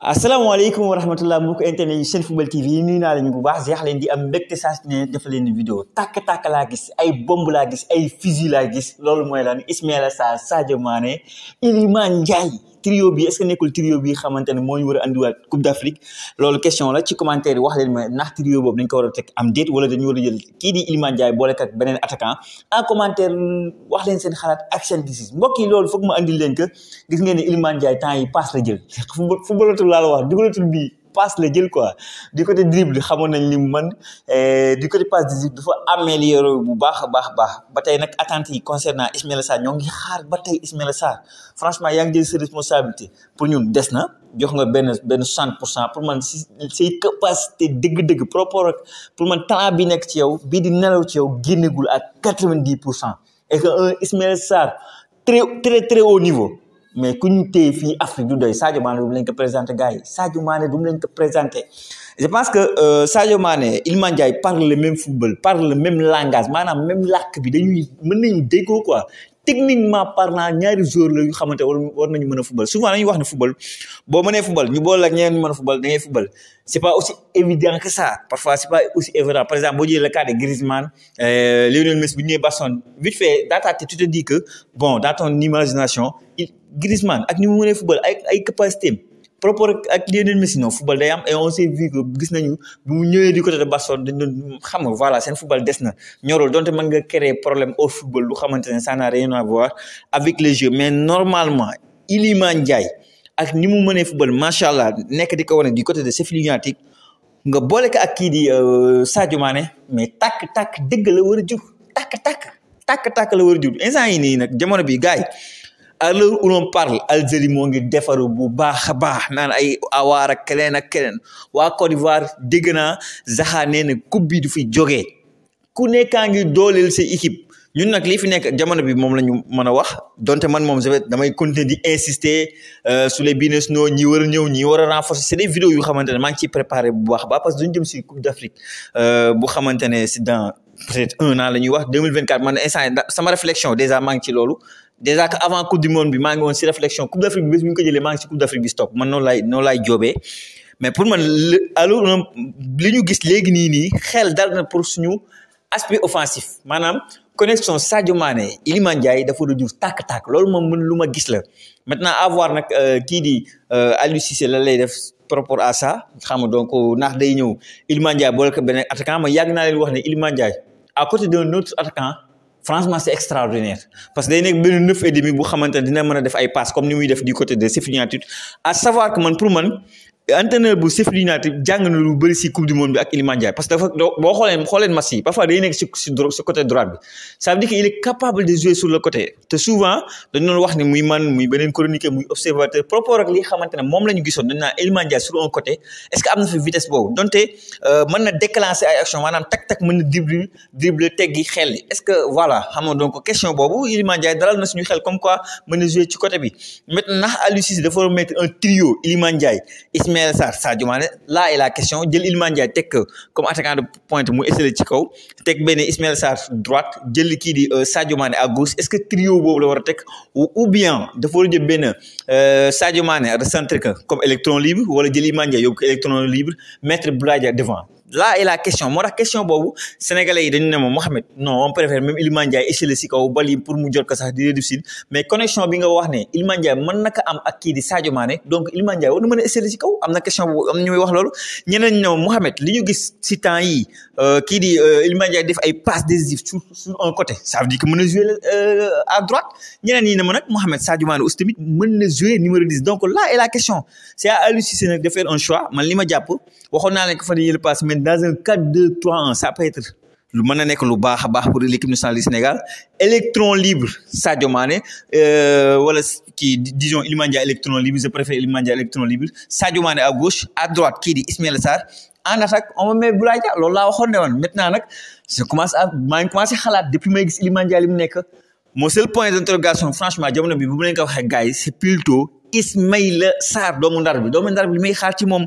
asalaamaaleykum wa rahmatulah mbokk internet yi seen football TV yi nuyu naa leen bu baax jeex leen di am mbégte saa su ne def leen vidéo tàkk-tàkk laa gis ay bomb laa gis ay fusil laa gis loolu mooy lan Ismaïla Sarr Sadio Mané Iliman Ndiaye trio bi est-ce que nekkul trio bi xamante ne moo ñu war a andiwaat Coupe d'Afrique loolu question la ci commentaire wax leen ma ndax trio boobu dañ ko war a teg am déet wala dañu war a jël kii di Iliman Ndiaye boole ak beneen attaquant en commentaire wax leen seen xalaat ak seen gis loolu foog ma andil leen que gis ngeen ne Iliman temps la jël footballatul laa la wax dugalatul bii passe la jël quoi du côté dribble xamone nañ li mu mën eh, du côté passe décisive dafa améliorer, bu baax a baax baax ba tey nag attentes yi concernant Ismaël Sarr ñoo ngi xaar batay Ismaël Ismaïla Sarr franchement yaa ngi jël sa responsabilité pour ñun des na jox nga ben ben 60 pour pour man ses capacités deug deug dëgg propre pour man talent bi nek ci yow bi di nelaw ci yow génnegul à 90 et que un Ismaël Sarr très très très haut niveau. mais ku ñu téye fii Afrique du doy Sadio Mané du mu leen ko présenté gars yi Sadio Mané du ko présenté je pense que euh, Sadio Mané Iliman Ndiaye parle le même football par le même langage maanaam même làkk bi dañuy mën nañu déggoo quoi techniquement parlant ñaari joueur la yu xamante war nañu mën a football souvent dañuy wax ne football boo mënee football ñu boole ak ñeneen ñu mën a football da ngay pas aussi évident que ça parfois c' pas aussi évident par exemple boo jëlee le cas de Griezmann euh, Lionel Messi bu ñu nee Barcelone vite fait dans ta tête tu que bon dans ton imagination Griezmann ak ni mu mënee football ay ay ak football et on s'est vu que gis nañu du côté de Barcelone xam football des na au football ça n'a rien à voir avec les jeux mais normalement il ak football du côté de nga euh, mais tac, tac, la a tac tac tac la a instant yi ni nak à l'heure où l'on parle Algérie moo ngi defaru bu baax baax nan ay awaar ak keneen ak kenen wa Côte d'Ivoire dégg naa Zaha nee coupe bi du fi jógee ku nekkaa ngi dooleel sa équipe ñun nak li fi nek jamono bi mom lañu mëna wax donte man mom je damay continuer di insister euh, sur les business no ñi war ñew ñi wara renforcer c'est des vidéos yu xamante ma ngi ci préparer bu baax ba parce que duñu jëm ci coupe d'Afrique euh bu xamante ne dans peut-être un an la wax 2024 man instant sama réflexion déjà ma ngi ci lolu dèjà avant coupe du monde bi maa ngi woon si réflexion coupe d'Afrique bi bés ñu ko jëlé maa ngi coupe d'afrique bi stop man non lay noonu lay jobé mais pour man alors euh, liñu gis léegi ni ni xel dal na pour suñu aspect offensif manam connexion Sadio Mané Iliman Ndiaye dafa doon jur tak tak loolu mom mën luma gis la maintenant avoir euh, ki di euh, Aliou Cissé la lay def par rapport à ça xam donc euh, nak day ñëw Iliman Ndiaye boole ko beneen attaquant ma yàgg naa leen wax ni Iliman Ndiaye à côté d'un autre attaquant franchement c'est extraordinaire parce que day nekk benn neuf et bu xamante ne dina a def ay passe comme ni muy def du côté de Sefignatud à savoir que pour man entraîneur bu Sheffield United jàng na lu bëri si coupe du monde bi ak Iliman parce que dafa boo xoolee xooleen match yi parfois day nekk si si droite bi ça dire que il est capable de jouer sur le côté te souvent dañu wax ne muy man muy beneen chroniqueur muy observateur par rapport ak li xamante ne moom la ñu gisoon dañ naan Iliman Ndiaye sur un côté est ce am na fi vitesse boobu donte euh, mën na déclencher ay action maanaam na dribble dribble teggi xel est ce que voilà xam nga donc question boobu Iliman Ndiaye dalal na suñu xel comme quoi mën na jouer ci côté Ismaël Sarr Sadio Mané là est la question jël Iliman comme attaquant de pointe mu essayé ci kaw teg benn ismaël droite jël ki di euh, Sadio Mané à gauche est-ce que trio boobu la war ou bien de war a jël benn euh, Sadio Mané comme électron libre ou jël Iliman Ndiaye électron libre mettre Boulaye devant là est la question moi la question bobou sénégalais yi dañu né, Mohamed non on préfère même Iliman Ndiaye échelle si kaw bali pour mu jot ko sax di difficile mais connexion bi nga wax ne Iliman Ndiaye mën na am ak kii di Sadio Mané donc Iliman Ndiaye war na mën a échelle si kaw am question boobu am wax loolu ñeneen Mohamed li gis si temps yi euh, kii di euh, Iliman Ndiaye def ay passes sur sur un côté ça veut dire que mën na jouer euh, à droite ñeneen ñi ne ma Mohamed Sadio Mané aussi tamit jouer numéro 10 donc là est la question c'est à lui si nag de faire un choix man li ma jàpp waxoon naa leen ko fa le passe dans un 4-2-3-1 ça peut être le mën le bar, lu pour l'équipe nationale du Sénégal électron libre Sadio Mané euh, wala qui, disons Iliman Ndiaye électron libre je préfère Iliman Ndiaye électron libre Sadio Mané à gauche à droite qui dit Ismaël Sarr en attaque on va mettre Boulaye l'Ola loolu laa maintenant je commence à maa commencer à xalaat depuis may gis Iliman Ndiaye li mu mon seul point d'interrogation franchement jamono bi bu mu leen ko c'est plutôt Ismaïla Sarr doomu ndar bi doomu ndar bi li moom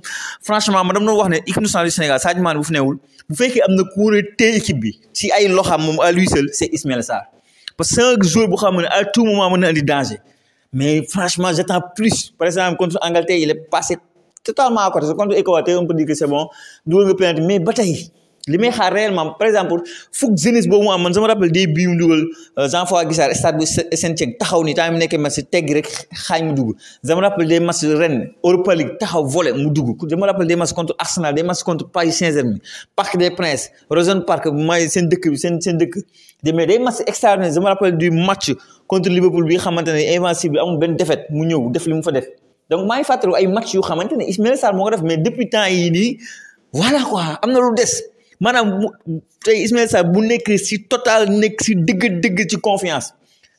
franchement ma dama doon wax ne équipe nationale du Sénégal Sadio bu fi newul bu fekkee am na kuréel téye équipe bi ci ay loxam moom à lui seul c'est Ismaïla Sarr parce que cinq joueurs bu xam ne à tout moment mën na andi danger mais franchement j'attends plus par exemple contre Angleterre il est passé totalement à côté contre Équateur on mais ba tey limay xaar réellement par exemple fukk jeunesse boobu mu am man sama rappel day bii mu dugal euh, Jean-François Guissard stade bu Saint-Etienne taxaw ni temps mi nekkee match tegg rek xaañ mu dugg sama rappel day match ren Europa League taxaw volé mu dugg sama rappel des match contre Arsenal des match contre Paris Saint-Germain Parc des Princes Rosen Park may seen dëkk bi seen seen dëkk de mais day match extraordinaire sama rappel du match contre Liverpool bi xamante ne invincible amul benn défaite mu ñëw def li mu fa def donc maa ngi fàttaliku ay match yu xamante ne Ismaïla Sarr moo ko def mais depuis temps yi nii voilà quoi am na lu des maanaam tey Ismaïla Sarr bu nekk si total nekk si dëgg dëgg ci confiance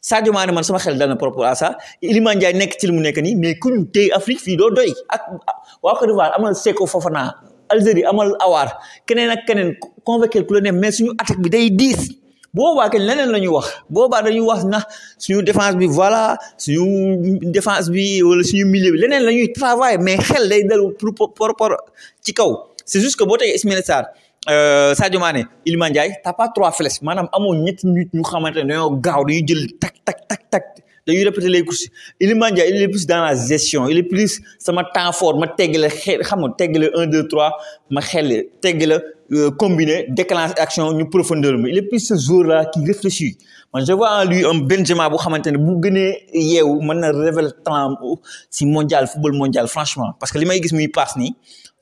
Sadio Mané man sama xel dal na par à ça Iliman Ndiaye nekk ci li mu nekk mais ku ñu Afrique fii doo doy ak waa Côte d'Ivoire amal Seko Fofana Algérie amal awar keneen ak keneen convoqué ku la mais suñu attaque bi day diis boobaa kañ leneen la wax boobaa dañuy wax na suñu défense bi voilà suñu défense bi wala suñu milieu bi leneen la ñuy mais xel day dal pour ci kaw c'est juste que boo tey Ismaïla Sarr Euh, Sadio Mané Iliman Ndiaye pas trois flèches nit ñu les courses il est plus dans la gestion il est plus temps fort ma un ma euh, combiné déclenche action profondeur il est plus ce jour là qui réfléchit moi je vois en lui un Benjamin, mondial football mondial franchement parce que passe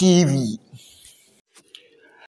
TV.